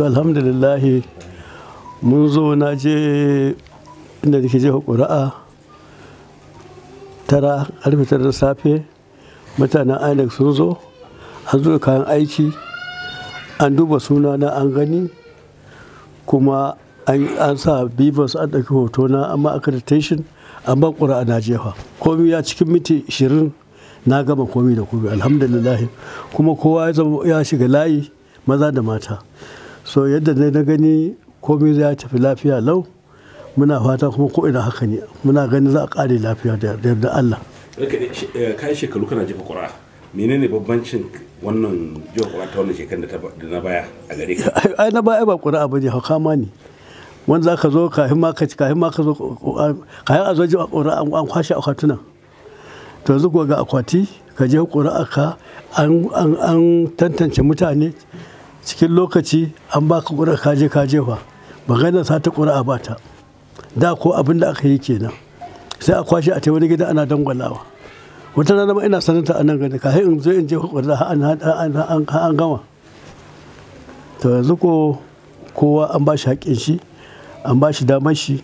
to alhamdulillahi mun zo na je inda da ke jefa ƙuri'a tara ƙarfe tara da safe mutanen inec sun zo an zo kayan aiki an duba suna na an gani kuma an sa bivas an ɗauki hoto na amma accreditation an ban na jefa komi ya cikin miti 20 na gama komi da komi alhamdulillah kuma kowa ya shiga layi maza da mata so yadda dai na gani komai za tafi lafiya lau muna fata kuma ko ina haka ne muna gani za a kare lafiya da yarda Allah kai eh, shekaru kana jefa ƙura menene babbancin wannan jefa ƙura ta wannan shekarun da na baya a gare ka ai na baya ba ƙura ba ne kama ne wanda za ka zo kafin ma ka kafin ma ka zo kafin a zo jefa ƙura an kwashe akwatuna to yanzu ga akwati ka je ƙura ka an tantance mutane cikin lokaci an ba ka ƙura kaje kaje fa maganar sa ta ƙura ba ta da ko abin da aka yi kenan sai a kwashe a ta wani gida ana dangwalawa wata rana ma ina sananta a nan gani ka in zo in je ƙura an gama to yanzu ko kowa an ba shi haƙƙin shi an ba shi damar shi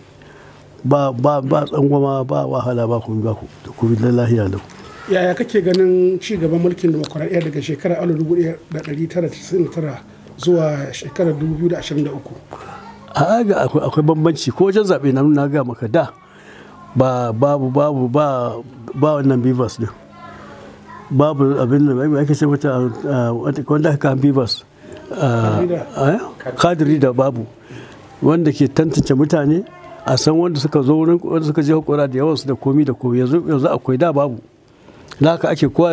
ba tsangwama ba wahala ba kuma ba ku da lahiya lau yaya kake ganin ci gaban mulkin demokuraɗiyya daga shekarar 1999 zuwa shekarar 2023 a aga akwai bambanci ko wajen zaɓe na nuna ga maka da ba babu babu ba ba wannan bivas din babu abin da ake ce wata eh, wanda aka kan bivas kadiri da babu wanda ke tantance mutane a san wanda suka zo wurin wanda suka je hakura da yawansu da komi da komi yanzu akwai da babu da haka ake kowa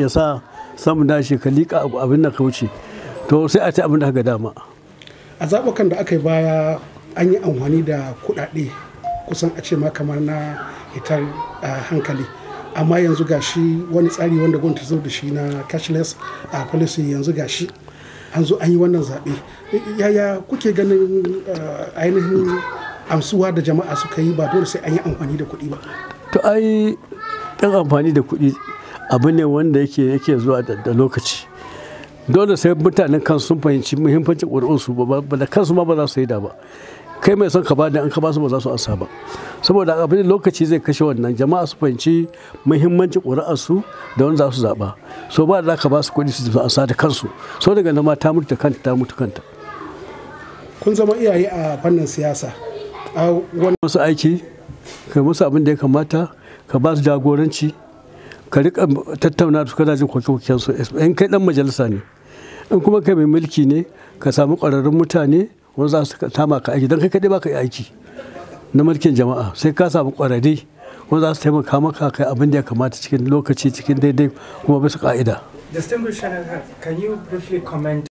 ya sa samun dashi ka abin da ka wuce to sai a ta abin da haka dama a zaɓukan da aka yi baya an yi amfani da kuɗaɗe kusan a ce ma kamar na hitar hankali amma yanzu ga shi wani tsari wanda gwamnati zo da shi na cashless a policy yanzu ga shi an zo an yi wannan zaɓe yaya kuke ganin ainihin amsuwa da jama'a suka yi ba dole sai an yi amfani da kuɗi ba to ai ɗan amfani da kuɗi abu ne wanda yake yake zuwa da lokaci dole sai mutanen kan sun fahimci muhimmancin ƙuri'unsu ba da kansu ma ba za su yi da ba kai mai son ka ba da an ka ba su ba za su ansa ba saboda abin lokaci zai kashe wannan jama'a su fahimci muhimmancin ƙuri'unsu da wani za su zaɓa so ba da ka ba su kuɗi su ansa da kansu so daga nan ma ta mutu kanta ta mutu kanta kun zama iyaye a fannin siyasa a wani masu aiki kai musu abin da ya kamata ka ba su jagoranci ka rika tattauna su kana jin su in kai dan majalisa ne in kuma kai mai mulki ne ka samu kwararrun mutane wanda za su tama ka aiki don kai kaɗai ba ka yi aiki na mulkin jama'a sai ka samu kwararri wanda za su taimaka maka kai abin da ya kamata cikin lokaci cikin daidai kuma bisa ƙa'ida. Distinguished